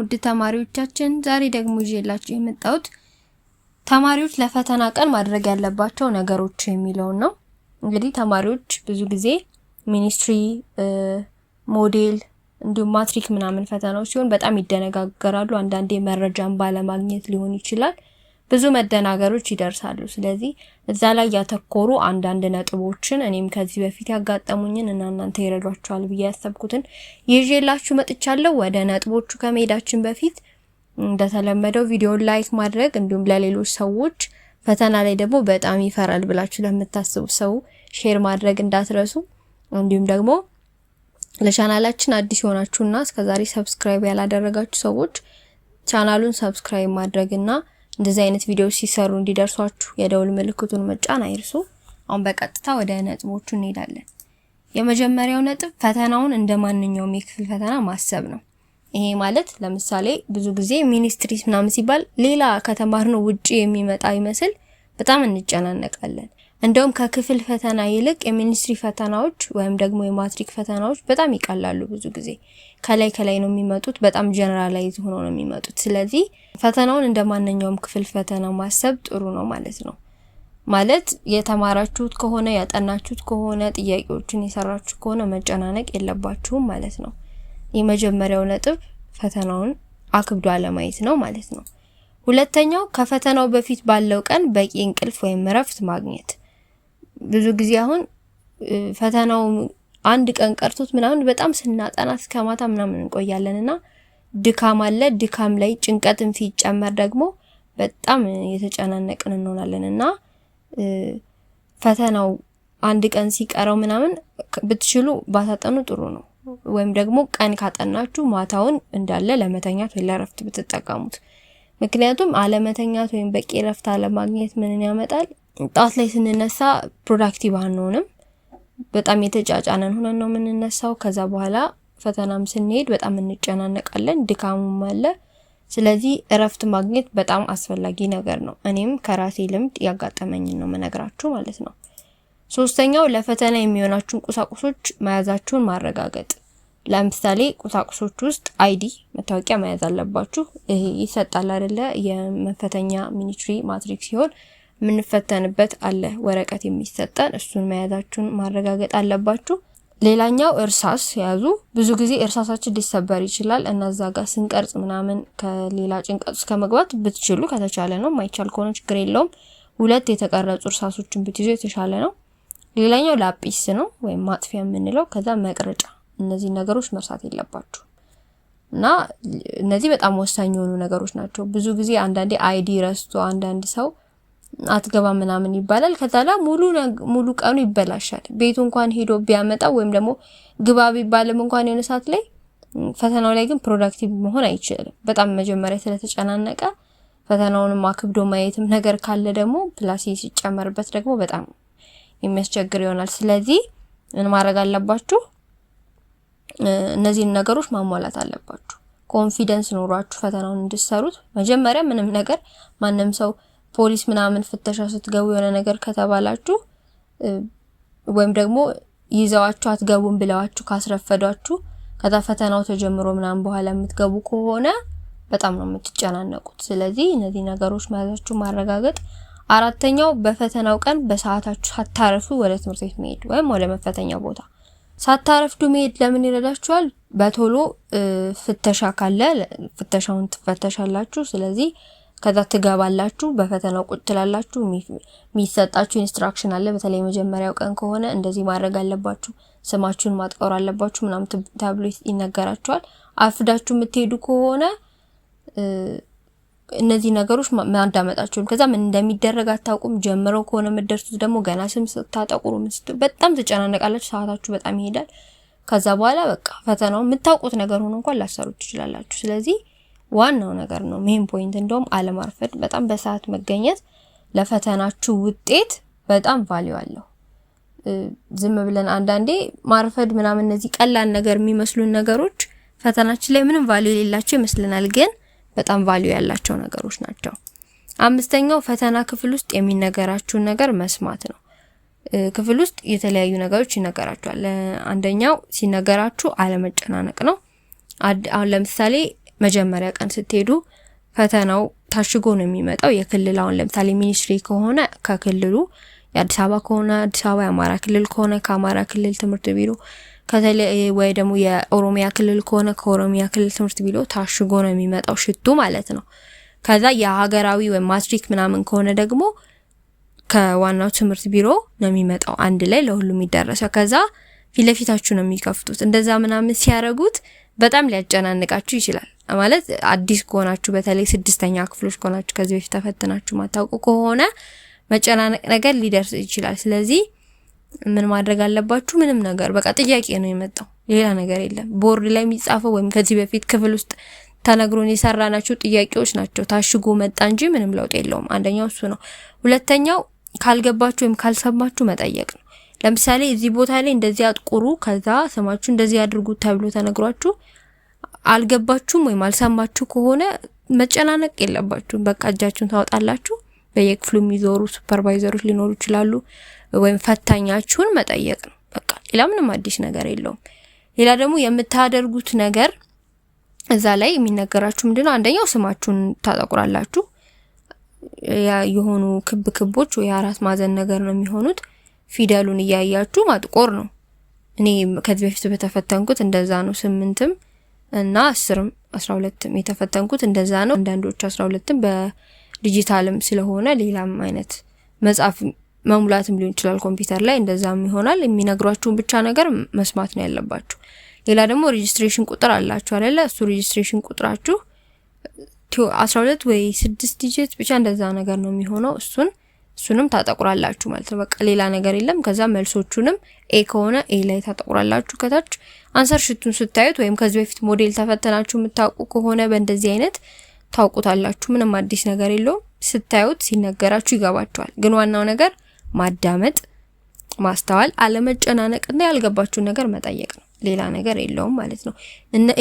ውድ ተማሪዎቻችን ዛሬ ደግሞ ይዤላችሁ የመጣሁት ተማሪዎች ለፈተና ቀን ማድረግ ያለባቸው ነገሮች የሚለውን ነው። እንግዲህ ተማሪዎች ብዙ ጊዜ ሚኒስትሪ፣ ሞዴል እንዲሁም ማትሪክ ምናምን ፈተናዎች ሲሆን በጣም ይደነጋገራሉ። አንዳንዴ መረጃን ባለማግኘት ሊሆን ይችላል። ብዙ መደናገሮች ይደርሳሉ። ስለዚህ እዛ ላይ ያተኮሩ አንዳንድ ነጥቦችን እኔም ከዚህ በፊት ያጋጠሙኝን እና እናንተ ይረዷቸዋል ብዬ ያሰብኩትን ይዤላችሁ መጥቻለሁ። ወደ ነጥቦቹ ከመሄዳችን በፊት እንደተለመደው ቪዲዮን ላይክ ማድረግ እንዲሁም ለሌሎች ሰዎች ፈተና ላይ ደግሞ በጣም ይፈራል ብላችሁ ለምታስቡ ሰው ሼር ማድረግ እንዳትረሱ። እንዲሁም ደግሞ ለቻናላችን አዲስ የሆናችሁና እስከዛሬ ሰብስክራይብ ያላደረጋችሁ ሰዎች ቻናሉን ሰብስክራይብ ማድረግና እንደዚህ አይነት ቪዲዮዎች ሲሰሩ እንዲደርሷችሁ የደውል ምልክቱን መጫን አይርሱ። አሁን በቀጥታ ወደ ነጥቦቹ እንሄዳለን። የመጀመሪያው ነጥብ ፈተናውን እንደ ማንኛውም የክፍል ፈተና ማሰብ ነው። ይሄ ማለት ለምሳሌ ብዙ ጊዜ ሚኒስትሪስ ምናምን ሲባል ሌላ ከተማርነው ውጪ የሚመጣ ይመስል በጣም እንጨናነቃለን። እንደውም ከክፍል ፈተና ይልቅ የሚኒስትሪ ፈተናዎች ወይም ደግሞ የማትሪክ ፈተናዎች በጣም ይቀላሉ። ብዙ ጊዜ ከላይ ከላይ ነው የሚመጡት፣ በጣም ጀነራላይዝ ሆኖ ነው የሚመጡት። ስለዚህ ፈተናውን እንደ ማንኛውም ክፍል ፈተና ማሰብ ጥሩ ነው ማለት ነው። ማለት የተማራችሁት ከሆነ ያጠናችሁት ከሆነ ጥያቄዎችን የሰራችሁ ከሆነ መጨናነቅ የለባችሁም ማለት ነው። የመጀመሪያው ነጥብ ፈተናውን አክብዶ አለማየት ነው ማለት ነው። ሁለተኛው ከፈተናው በፊት ባለው ቀን በቂ እንቅልፍ ወይም እረፍት ማግኘት ብዙ ጊዜ አሁን ፈተናው አንድ ቀን ቀርቶት ምናምን በጣም ስናጠና እስከ ማታ ምናምን እንቆያለን እና ድካም አለ። ድካም ላይ ጭንቀትም ሲጨመር ደግሞ በጣም የተጨናነቅን እንሆናለን እና ፈተናው አንድ ቀን ሲቀረው ምናምን ብትችሉ ባታጠኑ ጥሩ ነው። ወይም ደግሞ ቀን ካጠናችሁ ማታውን እንዳለ ለመተኛት ወይ ለረፍት ብትጠቀሙት። ምክንያቱም አለመተኛት ወይም በቂ ረፍት አለማግኘት ምንን ያመጣል? ጠዋት ላይ ስንነሳ ፕሮዳክቲቭ አንሆንም። በጣም የተጫጫነን ሆነን ነው የምንነሳው። ከዛ በኋላ ፈተናም ስንሄድ በጣም እንጨናነቃለን፣ ድካሙም አለ። ስለዚህ እረፍት ማግኘት በጣም አስፈላጊ ነገር ነው። እኔም ከራሴ ልምድ ያጋጠመኝን ነው መነግራችሁ ማለት ነው። ሶስተኛው ለፈተና የሚሆናችሁን ቁሳቁሶች መያዛችሁን ማረጋገጥ። ለምሳሌ ቁሳቁሶች ውስጥ አይዲ መታወቂያ መያዝ አለባችሁ። ይሄ ይሰጣል አይደለ? የመፈተኛ ሚኒትሪ ማትሪክ ሲሆን የምንፈተንበት አለ ወረቀት የሚሰጠን እሱን መያዛችሁን ማረጋገጥ አለባችሁ። ሌላኛው እርሳስ ያዙ። ብዙ ጊዜ እርሳሳችን ሊሰበር ይችላል እና እዛ ጋር ስንቀርጽ ምናምን ከሌላ ጭንቀት ውስጥ ከመግባት ብትችሉ ከተቻለ ነው። ማይቻል ከሆነ ችግር የለውም። ሁለት የተቀረጹ እርሳሶችን ብትይዙ የተሻለ ነው። ሌላኛው ላጲስ ነው ወይም ማጥፊያ የምንለው ከዛ መቅረጫ። እነዚህ ነገሮች መርሳት የለባችሁ እና እነዚህ በጣም ወሳኝ የሆኑ ነገሮች ናቸው። ብዙ ጊዜ አንዳንዴ አይዲ ረስቶ አንዳንድ ሰው አትገባ ምናምን ይባላል። ከዛላ ሙሉ ሙሉ ቀኑ ይበላሻል። ቤቱ እንኳን ሄዶ ቢያመጣው ወይም ደግሞ ግባ ቢባልም እንኳን የሆነ ሰዓት ላይ ፈተናው ላይ ግን ፕሮዳክቲቭ መሆን አይችልም። በጣም መጀመሪያ ስለተጨናነቀ ፈተናውንም አክብዶ ማየትም ነገር ካለ ደግሞ ፕላስ ሲጨመርበት ደግሞ በጣም የሚያስቸግር ይሆናል። ስለዚህ ምን ማድረግ አለባችሁ? እነዚህን ነገሮች ማሟላት አለባችሁ። ኮንፊደንስ ኖሯችሁ ፈተናውን እንድሰሩት መጀመሪያ ምንም ነገር ማንም ሰው ፖሊስ ምናምን ፍተሻ ስትገቡ የሆነ ነገር ከተባላችሁ ወይም ደግሞ ይዘዋችሁ አትገቡም ብለዋችሁ ካስረፈዷችሁ ከዛ ፈተናው ተጀምሮ ምናምን በኋላ የምትገቡ ከሆነ በጣም ነው የምትጨናነቁት። ስለዚህ እነዚህ ነገሮች መያዛችሁ ማረጋገጥ። አራተኛው በፈተናው ቀን በሰዓታችሁ ሳታረፉ ወደ ትምህርት ቤት መሄድ ወይም ወደ መፈተኛ ቦታ ሳታረፍዱ መሄድ ለምን ይረዳችኋል? በቶሎ ፍተሻ ካለ ፍተሻውን ትፈተሻላችሁ። ስለዚህ ከዛ ትገባላችሁ። በፈተናው ቁጭ ትላላችሁ። የሚሰጣችሁ ኢንስትራክሽን አለ። በተለይ መጀመሪያው ቀን ከሆነ እንደዚህ ማድረግ አለባችሁ፣ ስማችሁን ማጥቆር አለባችሁ ምናምን ተብሎ ይነገራችኋል። አፍዳችሁ የምትሄዱ ከሆነ እነዚህ ነገሮች ማዳመጣችሁም ከዛ ምን እንደሚደረግ አታውቁም። ጀምረው ከሆነ የምትደርሱት ደግሞ ገና ስም ስታጠቁሩ በጣም ትጨናነቃላችሁ። ሰዓታችሁ በጣም ይሄዳል። ከዛ በኋላ በቃ ፈተናው የምታውቁት ነገር ሆኖ እንኳን ላሰሩት ትችላላችሁ። ስለዚህ ዋናው ነገር ነው። ሜን ፖይንት እንደውም አለማርፈድ፣ በጣም በሰዓት መገኘት ለፈተናችሁ ውጤት በጣም ቫልዩ አለው። ዝም ብለን አንዳንዴ ማርፈድ ምናምን እነዚህ ቀላል ነገር የሚመስሉን ነገሮች ፈተናችን ላይ ምንም ቫልዩ የሌላቸው ይመስልናል ግን በጣም ቫልዩ ያላቸው ነገሮች ናቸው። አምስተኛው ፈተና ክፍል ውስጥ የሚነገራችሁን ነገር መስማት ነው። ክፍል ውስጥ የተለያዩ ነገሮች ይነገራችኋል። አንደኛው ሲነገራችሁ አለመጨናነቅ ነው። አሁን ለምሳሌ መጀመሪያ ቀን ስትሄዱ ፈተናው ታሽጎ ነው የሚመጣው። የክልል አሁን ለምሳሌ ሚኒስትሪ ከሆነ ከክልሉ የአዲስ አበባ ከሆነ አዲስ አበባ፣ የአማራ ክልል ከሆነ ከአማራ ክልል ትምህርት ቢሮ ከተለይ ወይ ደግሞ የኦሮሚያ ክልል ከሆነ ከኦሮሚያ ክልል ትምህርት ቢሮ ታሽጎ ነው የሚመጣው ሽቱ ማለት ነው። ከዛ የሀገራዊ ወይም ማትሪክ ምናምን ከሆነ ደግሞ ከዋናው ትምህርት ቢሮ ነው የሚመጣው አንድ ላይ ለሁሉም ይዳረሰው። ከዛ ፊት ለፊታችሁ ነው የሚከፍቱት። እንደዛ ምናምን ሲያደርጉት በጣም ሊያጨናንቃችሁ ይችላል። ማለት አዲስ ከሆናችሁ በተለይ ስድስተኛ ክፍሎች ከሆናችሁ ከዚህ በፊት ተፈትናችሁ ማታውቁ ከሆነ መጨናነቅ ነገር ሊደርስ ይችላል። ስለዚህ ምን ማድረግ አለባችሁ? ምንም ነገር በቃ ጥያቄ ነው የመጣው ሌላ ነገር የለም። ቦርድ ላይ የሚጻፈው ወይም ከዚህ በፊት ክፍል ውስጥ ተነግሮን የሰራናቸው ጥያቄዎች ናቸው። ታሽጎ መጣ እንጂ ምንም ለውጥ የለውም። አንደኛው እሱ ነው። ሁለተኛው ካልገባችሁ ወይም ካልሰማችሁ መጠየቅ ነው። ለምሳሌ እዚህ ቦታ ላይ እንደዚህ አጥቁሩ፣ ከዛ ስማችሁ እንደዚህ አድርጉ ተብሎ ተነግሯችሁ አልገባችሁም ወይም አልሰማችሁ ከሆነ መጨናነቅ የለባችሁም። በቃ እጃችሁን ታወጣላችሁ። በየክፍሉ የሚዞሩ ሱፐርቫይዘሮች ሊኖሩ ይችላሉ። ወይም ፈታኛችሁን መጠየቅ ነው በቃ ሌላ ምንም አዲስ ነገር የለውም። ሌላ ደግሞ የምታደርጉት ነገር እዛ ላይ የሚነገራችሁ ምንድነው? አንደኛው ስማችሁን ታጠቁራላችሁ። የሆኑ ክብ ክቦች ወይ አራት ማዕዘን ነገር ነው የሚሆኑት። ፊደሉን እያያችሁ ማጥቆር ነው። እኔ ከዚህ በፊት በተፈተንኩት እንደዛ ነው። ስምንትም እና አስርም አስራ ሁለትም የተፈተንኩት እንደዛ ነው። አንዳንዶች አስራ ሁለትም በዲጂታልም ስለሆነ ሌላም አይነት መጽሐፍ መሙላትም ሊሆን ይችላል ኮምፒውተር ላይ እንደዛም ይሆናል። የሚነግሯችሁን ብቻ ነገር መስማት ነው ያለባችሁ። ሌላ ደግሞ ሬጅስትሬሽን ቁጥር አላችሁ አይደለ? እሱ ሬጅስትሬሽን ቁጥራችሁ አስራ ሁለት ወይ ስድስት ዲጂት ብቻ እንደዛ ነገር ነው የሚሆነው። እሱን እሱንም ታጠቁራላችሁ ማለት ነው። በቃ ሌላ ነገር የለም። ከዛ መልሶቹንም ኤ ከሆነ ኤ ላይ ታጠቁራላችሁ ከታች አንሰር ሽቱን ስታዩት ወይም ከዚህ በፊት ሞዴል ተፈተናችሁ የምታውቁ ከሆነ በእንደዚህ አይነት ታውቁታላችሁ። ምንም አዲስ ነገር የለውም። ስታዩት ሲነገራችሁ ይገባችኋል። ግን ዋናው ነገር ማዳመጥ፣ ማስተዋል፣ አለመጨናነቅና ያልገባችሁን ነገር መጠየቅ ነው። ሌላ ነገር የለውም ማለት ነው።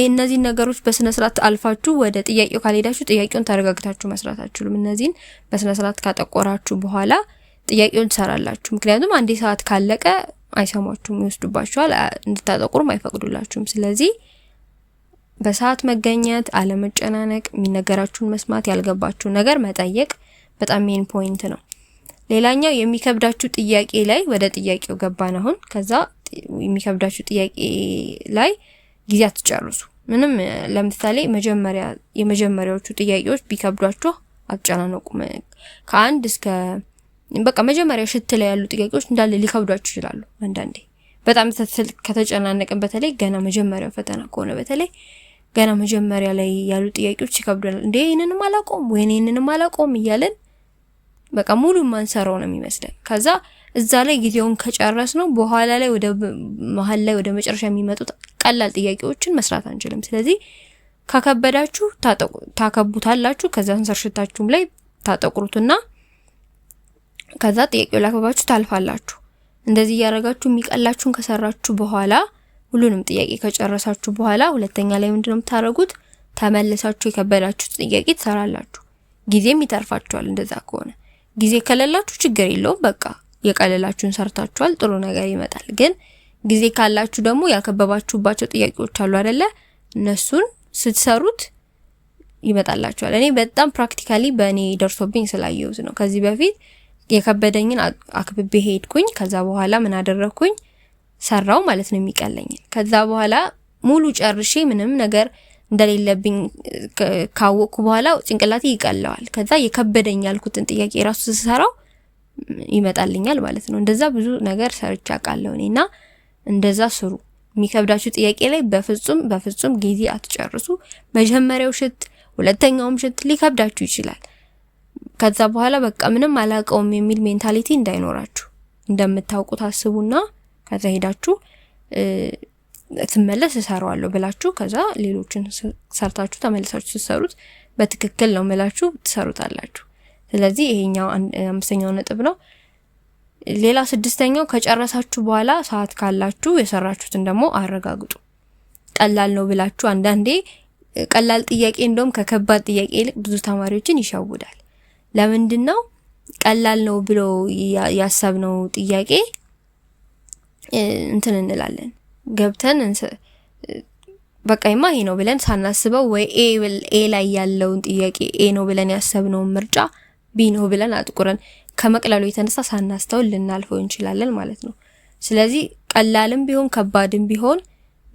እነዚህን ነገሮች በስነ ስርዓት አልፋችሁ ወደ ጥያቄው ካልሄዳችሁ ጥያቄውን ተረጋግታችሁ መስራት አችሉም። እነዚህን በስነ ስርዓት ካጠቆራችሁ በኋላ ጥያቄውን ትሰራላችሁ። ምክንያቱም አንዴ ሰዓት ካለቀ አይሰሟችሁም፣ ይወስዱባችኋል፣ እንድታጠቁሩም አይፈቅዱላችሁም። ስለዚህ በሰዓት መገኘት፣ አለመጨናነቅ፣ የሚነገራችሁን መስማት፣ ያልገባችሁ ነገር መጠየቅ በጣም ሜን ፖይንት ነው። ሌላኛው የሚከብዳችሁ ጥያቄ ላይ ወደ ጥያቄው ገባን አሁን። ከዛ የሚከብዳችሁ ጥያቄ ላይ ጊዜ አትጨርሱ። ምንም ለምሳሌ መጀመሪያ የመጀመሪያዎቹ ጥያቄዎች ቢከብዷችሁ አትጨናነቁም። ከአንድ እስከ በቃ መጀመሪያ ሽት ላይ ያሉ ጥያቄዎች እንዳለ ሊከብዷችሁ ይችላሉ። አንዳንዴ በጣም ከተጨናነቅን፣ በተለይ ገና መጀመሪያው ፈተና ከሆነ በተለይ ገና መጀመሪያ ላይ ያሉ ጥያቄዎች ይከብዱናል። እንዴ ይህንንም አላቆም ወይ ይህንንም አላቆም እያለን በቃ ሙሉ ማንሰራው ነው የሚመስለን። ከዛ እዛ ላይ ጊዜውን ከጨረስ ነው በኋላ ላይ ወደ መሀል ላይ ወደ መጨረሻ የሚመጡት ቀላል ጥያቄዎችን መስራት አንችልም። ስለዚህ ካከበዳችሁ ታከቡታላችሁ። ከዛ አንሰር ሽታችሁም ላይ ታጠቁሩትና ከዛ ጥያቄው ላክብባችሁ ታልፋላችሁ። እንደዚህ እያደረጋችሁ የሚቀላችሁን ከሰራችሁ በኋላ ሁሉንም ጥያቄ ከጨረሳችሁ በኋላ ሁለተኛ ላይ ምንድነው የምታደርጉት? ተመልሳችሁ የከበዳችሁ ጥያቄ ትሰራላችሁ። ጊዜም ይተርፋችኋል። እንደዛ ከሆነ ጊዜ ከሌላችሁ ችግር የለውም። በቃ የቀለላችሁን ሰርታችኋል፣ ጥሩ ነገር ይመጣል። ግን ጊዜ ካላችሁ ደግሞ ያከበባችሁባቸው ጥያቄዎች አሉ አይደለ? እነሱን ስትሰሩት ይመጣላችኋል። እኔ በጣም ፕራክቲካሊ በእኔ ደርሶብኝ ስላየሁት ነው ከዚህ በፊት የከበደኝን አክብቤ ሄድኩኝ። ከዛ በኋላ ምን አደረኩኝ ሰራው ማለት ነው የሚቀለኝን። ከዛ በኋላ ሙሉ ጨርሼ ምንም ነገር እንደሌለብኝ ካወቅኩ በኋላ ጭንቅላቴ ይቀለዋል። ከዛ የከበደኝ ያልኩትን ጥያቄ ራሱ ስሰራው ይመጣልኛል ማለት ነው። እንደዛ ብዙ ነገር ሰርቻ ቃለው እኔ እና እንደዛ ስሩ። የሚከብዳችሁ ጥያቄ ላይ በፍጹም በፍጹም ጊዜ አትጨርሱ። መጀመሪያው ሽት፣ ሁለተኛውም ሽት ሊከብዳችሁ ይችላል። ከዛ በኋላ በቃ ምንም አላውቀውም የሚል ሜንታሊቲ እንዳይኖራችሁ እንደምታውቁ ታስቡና ከዛ ሄዳችሁ ስመለስ እሰራዋለሁ ብላችሁ ከዛ ሌሎችን ሰርታችሁ ተመልሳችሁ ስትሰሩት በትክክል ነው ምላችሁ ትሰሩታላችሁ። ስለዚህ ይሄኛው አምስተኛው ነጥብ ነው። ሌላ ስድስተኛው ከጨረሳችሁ በኋላ ሰዓት ካላችሁ የሰራችሁትን ደግሞ አረጋግጡ። ቀላል ነው ብላችሁ አንዳንዴ ቀላል ጥያቄ እንደውም ከከባድ ጥያቄ ይልቅ ብዙ ተማሪዎችን ይሸውዳል። ለምንድን ነው ቀላል ነው ብሎ ያሰብነው ጥያቄ እንትን እንላለን ገብተን ይማ ይሄ ነው ብለን ሳናስበው ወይ ኤ ላይ ያለውን ጥያቄ ኤ ነው ብለን ያሰብነውን ምርጫ ቢ ነው ብለን አጥቁረን ከመቅለሉ የተነሳ ሳናስተው ልናልፈው እንችላለን ማለት ነው። ስለዚህ ቀላልም ቢሆን ከባድም ቢሆን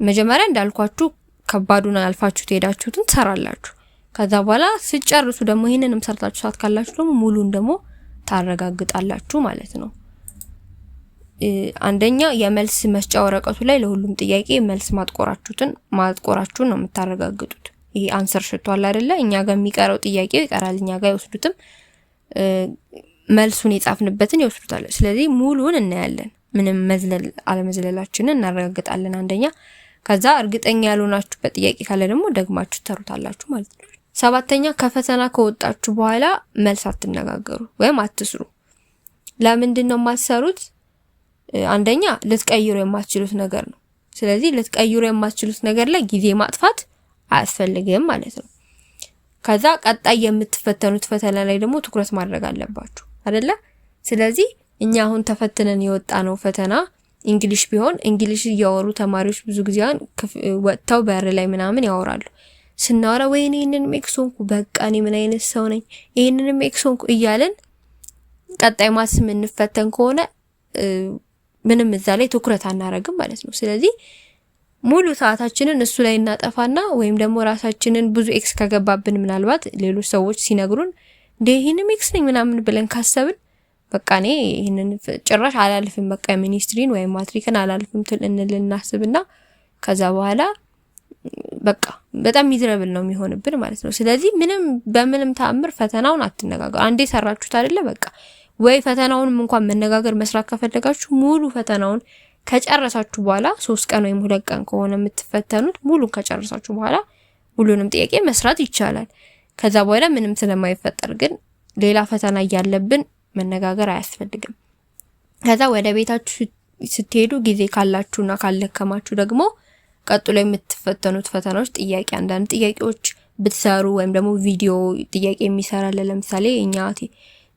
መጀመሪያ እንዳልኳችሁ ከባዱን አልፋችሁ ትሄዳችሁትን ትሰራላችሁ። ከዛ በኋላ ስጨርሱ ደግሞ ይህንንም ሰርታችሁ ሰዓት ካላችሁ ደግሞ ሙሉን ደግሞ ታረጋግጣላችሁ ማለት ነው። አንደኛ የመልስ መስጫ ወረቀቱ ላይ ለሁሉም ጥያቄ መልስ ማጥቆራችሁትን ማጥቆራችሁን ነው የምታረጋግጡት። ይሄ አንሰር ሽቷል አይደለ? እኛ ጋር የሚቀረው ጥያቄ ይቀራል። እኛ ጋር ይወስዱትም መልሱን የጻፍንበትን ይወስዱታል። ስለዚህ ሙሉን እናያለን። ምንም መዝለል አለመዝለላችንን እናረጋግጣለን አንደኛ። ከዛ እርግጠኛ ያልሆናችሁበት ጥያቄ ካለ ደግሞ ደግማችሁ ተሩታላችሁ ማለት ነው። ሰባተኛ ከፈተና ከወጣችሁ በኋላ መልስ አትነጋገሩ ወይም አትስሩ። ለምንድን ነው የማትሰሩት? አንደኛ ልትቀይሩ የማትችሉት ነገር ነው። ስለዚህ ልትቀይሩ የማትችሉት ነገር ላይ ጊዜ ማጥፋት አያስፈልግም ማለት ነው። ከዛ ቀጣይ የምትፈተኑት ፈተና ላይ ደግሞ ትኩረት ማድረግ አለባችሁ አይደለ? ስለዚህ እኛ አሁን ተፈትነን የወጣ ነው ፈተና እንግሊሽ ቢሆን እንግሊሽ እያወሩ ተማሪዎች ብዙ ጊዜ ወጥተው በር ላይ ምናምን ያወራሉ። ስናወራ ወይ ይህንንም ኤክስ በቃ እኔ ምን አይነት ሰው ነኝ፣ ይህንን ሜክሶንኩ እያለን ቀጣይ ማስ የምንፈተን ከሆነ ምንም እዛ ላይ ትኩረት አናረግም ማለት ነው። ስለዚህ ሙሉ ሰዓታችንን እሱ ላይ እናጠፋና ወይም ደግሞ ራሳችንን ብዙ ኤክስ ከገባብን ምናልባት ሌሎች ሰዎች ሲነግሩን እንደ ይህንም ኤክስ ነኝ ምናምን ብለን ካሰብን በቃ እኔ ይህንን ጭራሽ አላልፍም፣ በቃ ሚኒስትሪን ወይም ማትሪክን አላልፍም ትል እናስብና ከዛ በኋላ በቃ በጣም ሚዝረብል ነው የሚሆንብን ማለት ነው። ስለዚህ ምንም በምንም ተአምር ፈተናውን አትነጋገሩ። አንዴ ሰራችሁት አይደለ በቃ ወይ ፈተናውንም እንኳን መነጋገር መስራት ከፈለጋችሁ ሙሉ ፈተናውን ከጨረሳችሁ በኋላ ሶስት ቀን ወይም ሁለት ቀን ከሆነ የምትፈተኑት ሙሉ ከጨረሳችሁ በኋላ ሁሉንም ጥያቄ መስራት ይቻላል። ከዛ በኋላ ምንም ስለማይፈጠር ግን ሌላ ፈተና እያለብን መነጋገር አያስፈልግም። ከዛ ወደ ቤታችሁ ስትሄዱ ጊዜ ካላችሁና ካለከማችሁ ደግሞ ቀጥሎ የምትፈተኑት ፈተናዎች ጥያቄ አንዳንድ ጥያቄዎች ብትሰሩ ወይም ደግሞ ቪዲዮ ጥያቄ የሚሰራለ ለምሳሌ እኛ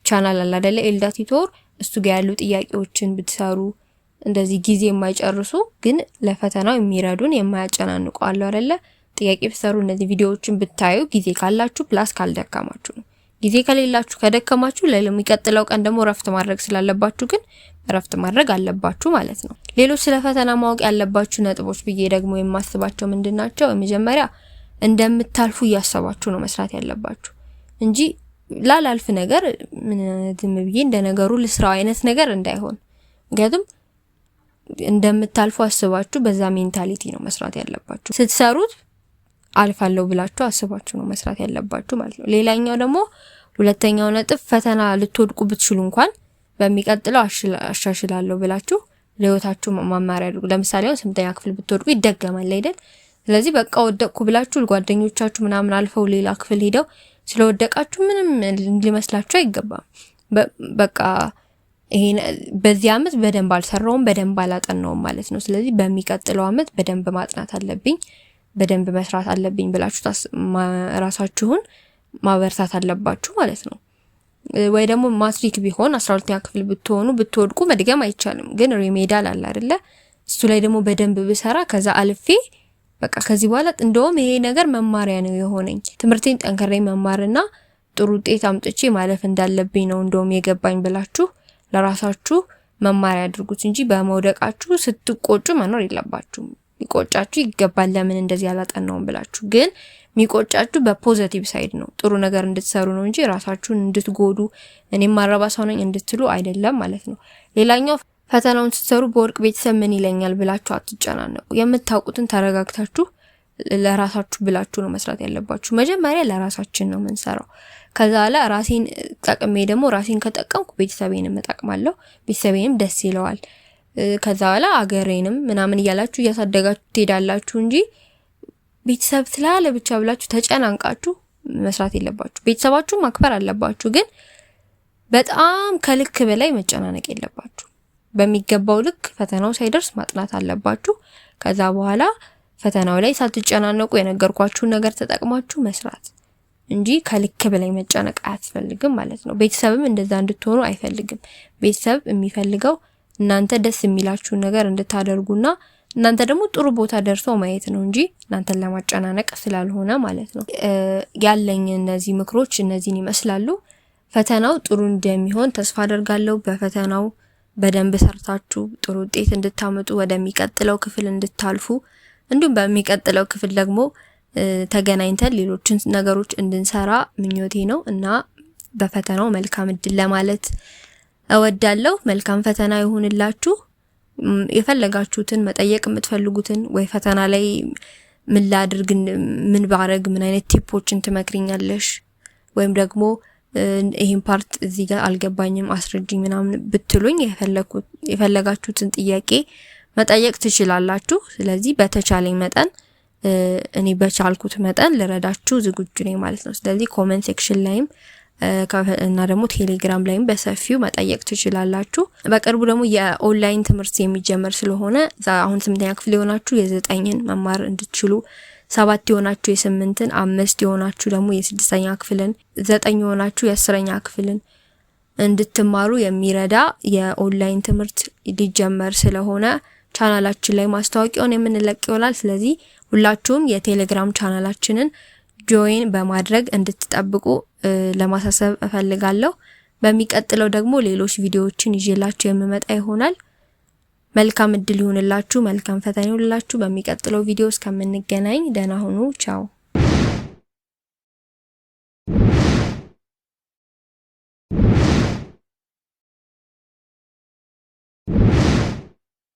ቻናል አለ አይደለ ኤልዳ ቲቶር እሱ ጋር ያሉ ጥያቄዎችን ብትሰሩ እንደዚህ ጊዜ የማይጨርሱ ግን ለፈተናው የሚረዱን የማያጨናንቁ አለ አይደለ ጥያቄ ብትሰሩ እነዚህ ቪዲዮዎችን ብታዩ ጊዜ ካላችሁ ፕላስ ካልደካማችሁ ነው። ጊዜ ከሌላችሁ ከደከማችሁ ለሚቀጥለው ቀን ደግሞ እረፍት ማድረግ ስላለባችሁ ግን እረፍት ማድረግ አለባችሁ ማለት ነው። ሌሎች ስለ ፈተና ማወቅ ያለባችሁ ነጥቦች ብዬ ደግሞ የማስባቸው ምንድን ናቸው? የመጀመሪያ እንደምታልፉ እያሰባችሁ ነው መስራት ያለባችሁ እንጂ ላላልፍ ነገር ምንም ብዬ እንደ ነገሩ ልስራው አይነት ነገር እንዳይሆን። ምክንያቱም እንደምታልፉ አስባችሁ በዛ ሜንታሊቲ ነው መስራት ያለባችሁ ስትሰሩት አልፋለሁ ብላችሁ አስባችሁ ነው መስራት ያለባችሁ ማለት ነው። ሌላኛው ደግሞ ሁለተኛው ነጥብ ፈተና ልትወድቁ ብትችሉ እንኳን በሚቀጥለው አሻሽላለሁ ብላችሁ ለህይወታችሁ ማማሪያ አድርጉ። ለምሳሌ አሁን ስምንተኛ ክፍል ብትወድቁ ይደገማል አይደል? ስለዚህ በቃ ወደቅኩ ብላችሁ ጓደኞቻችሁ ምናምን አልፈው ሌላ ክፍል ሄደው ስለወደቃችሁ ምንም ሊመስላችሁ አይገባም። በቃ ይሄ በዚህ አመት በደንብ አልሰራውም፣ በደንብ አላጠናውም ማለት ነው። ስለዚህ በሚቀጥለው አመት በደንብ ማጥናት አለብኝ በደንብ መስራት አለብኝ ብላችሁ ራሳችሁን ማበርታት አለባችሁ ማለት ነው። ወይ ደግሞ ማትሪክ ቢሆን አስራ ሁለተኛ ክፍል ብትሆኑ ብትወድቁ መድገም አይቻልም፣ ግን ሪሜዳል አለ አይደለ? እሱ ላይ ደግሞ በደንብ ብሰራ ከዛ አልፌ በቃ ከዚህ በኋላ እንደውም ይሄ ነገር መማሪያ ነው የሆነኝ ትምህርቴን ጠንከሬ መማርና ጥሩ ውጤት አምጥቼ ማለፍ እንዳለብኝ ነው እንደውም የገባኝ ብላችሁ ለራሳችሁ መማሪያ አድርጉት እንጂ በመውደቃችሁ ስትቆጩ መኖር የለባችሁም። ሊቆጫችሁ ይገባል። ለምን እንደዚህ አላጠናውም ብላችሁ ግን ሚቆጫችሁ በፖዘቲቭ ሳይድ ነው። ጥሩ ነገር እንድትሰሩ ነው እንጂ ራሳችሁን እንድትጎዱ እኔም ማረባ ሰው ነኝ እንድትሉ አይደለም ማለት ነው። ሌላኛው ፈተናውን ስትሰሩ በወርቅ ቤተሰብ ምን ይለኛል ብላችሁ አትጨናነቁ። የምታውቁትን ተረጋግታችሁ ለራሳችሁ ብላችሁ ነው መስራት ያለባችሁ። መጀመሪያ ለራሳችን ነው የምንሰራው። ከዛ ላ ራሴን ጠቅሜ ደግሞ ራሴን ከጠቀምኩ ቤተሰቤንም እጠቅማለሁ፣ ቤተሰቤንም ደስ ይለዋል። ከዛ በኋላ አገሬንም ምናምን እያላችሁ እያሳደጋችሁ ትሄዳላችሁ እንጂ ቤተሰብ ስላለ ብቻ ብላችሁ ተጨናንቃችሁ መስራት የለባችሁ። ቤተሰባችሁ ማክበር አለባችሁ፣ ግን በጣም ከልክ በላይ መጨናነቅ የለባችሁ። በሚገባው ልክ ፈተናው ሳይደርስ ማጥናት አለባችሁ። ከዛ በኋላ ፈተናው ላይ ሳትጨናነቁ የነገርኳችሁን ነገር ተጠቅማችሁ መስራት እንጂ ከልክ በላይ መጨነቅ አያስፈልግም ማለት ነው። ቤተሰብም እንደዛ እንድትሆኑ አይፈልግም። ቤተሰብ የሚፈልገው እናንተ ደስ የሚላችሁን ነገር እንድታደርጉና እናንተ ደግሞ ጥሩ ቦታ ደርሶ ማየት ነው እንጂ እናንተን ለማጨናነቅ ስላልሆነ ማለት ነው። ያለኝ እነዚህ ምክሮች እነዚህን ይመስላሉ። ፈተናው ጥሩ እንደሚሆን ተስፋ አደርጋለሁ። በፈተናው በደንብ ሰርታችሁ ጥሩ ውጤት እንድታመጡ ወደሚቀጥለው ክፍል እንድታልፉ እንዲሁም በሚቀጥለው ክፍል ደግሞ ተገናኝተን ሌሎችን ነገሮች እንድንሰራ ምኞቴ ነው እና በፈተናው መልካም እድል ለማለት እወዳለሁ። መልካም ፈተና ይሁንላችሁ። የፈለጋችሁትን መጠየቅ የምትፈልጉትን ወይ ፈተና ላይ ምን ላድርግ፣ ምን ባረግ፣ ምን አይነት ቲፖችን ትመክሪኛለሽ ወይም ደግሞ ይህን ፓርት እዚህ ጋር አልገባኝም አስረጅኝ ምናምን ብትሉኝ የፈለጋችሁትን ጥያቄ መጠየቅ ትችላላችሁ። ስለዚህ በተቻለኝ መጠን እኔ በቻልኩት መጠን ልረዳችሁ ዝግጁ ነኝ ማለት ነው። ስለዚህ ኮመንት ሴክሽን ላይም እና ደግሞ ቴሌግራም ላይም በሰፊው መጠየቅ ትችላላችሁ። በቅርቡ ደግሞ የኦንላይን ትምህርት የሚጀመር ስለሆነ አሁን ስምንተኛ ክፍል የሆናችሁ የዘጠኝን መማር እንድትችሉ ሰባት የሆናችሁ የስምንትን፣ አምስት የሆናችሁ ደግሞ የስድስተኛ ክፍልን፣ ዘጠኝ የሆናችሁ የአስረኛ ክፍልን እንድትማሩ የሚረዳ የኦንላይን ትምህርት ሊጀመር ስለሆነ ቻናላችን ላይ ማስታወቂያውን የምንለቅ ይሆናል። ስለዚህ ሁላችሁም የቴሌግራም ቻናላችንን ጆይን በማድረግ እንድትጠብቁ ለማሳሰብ እፈልጋለሁ። በሚቀጥለው ደግሞ ሌሎች ቪዲዮዎችን ይዤላችሁ የምመጣ ይሆናል። መልካም እድል ይሁንላችሁ። መልካም ፈተና ይሁንላችሁ። በሚቀጥለው ቪዲዮ እስከምንገናኝ ደህና ሁኑ። ቻው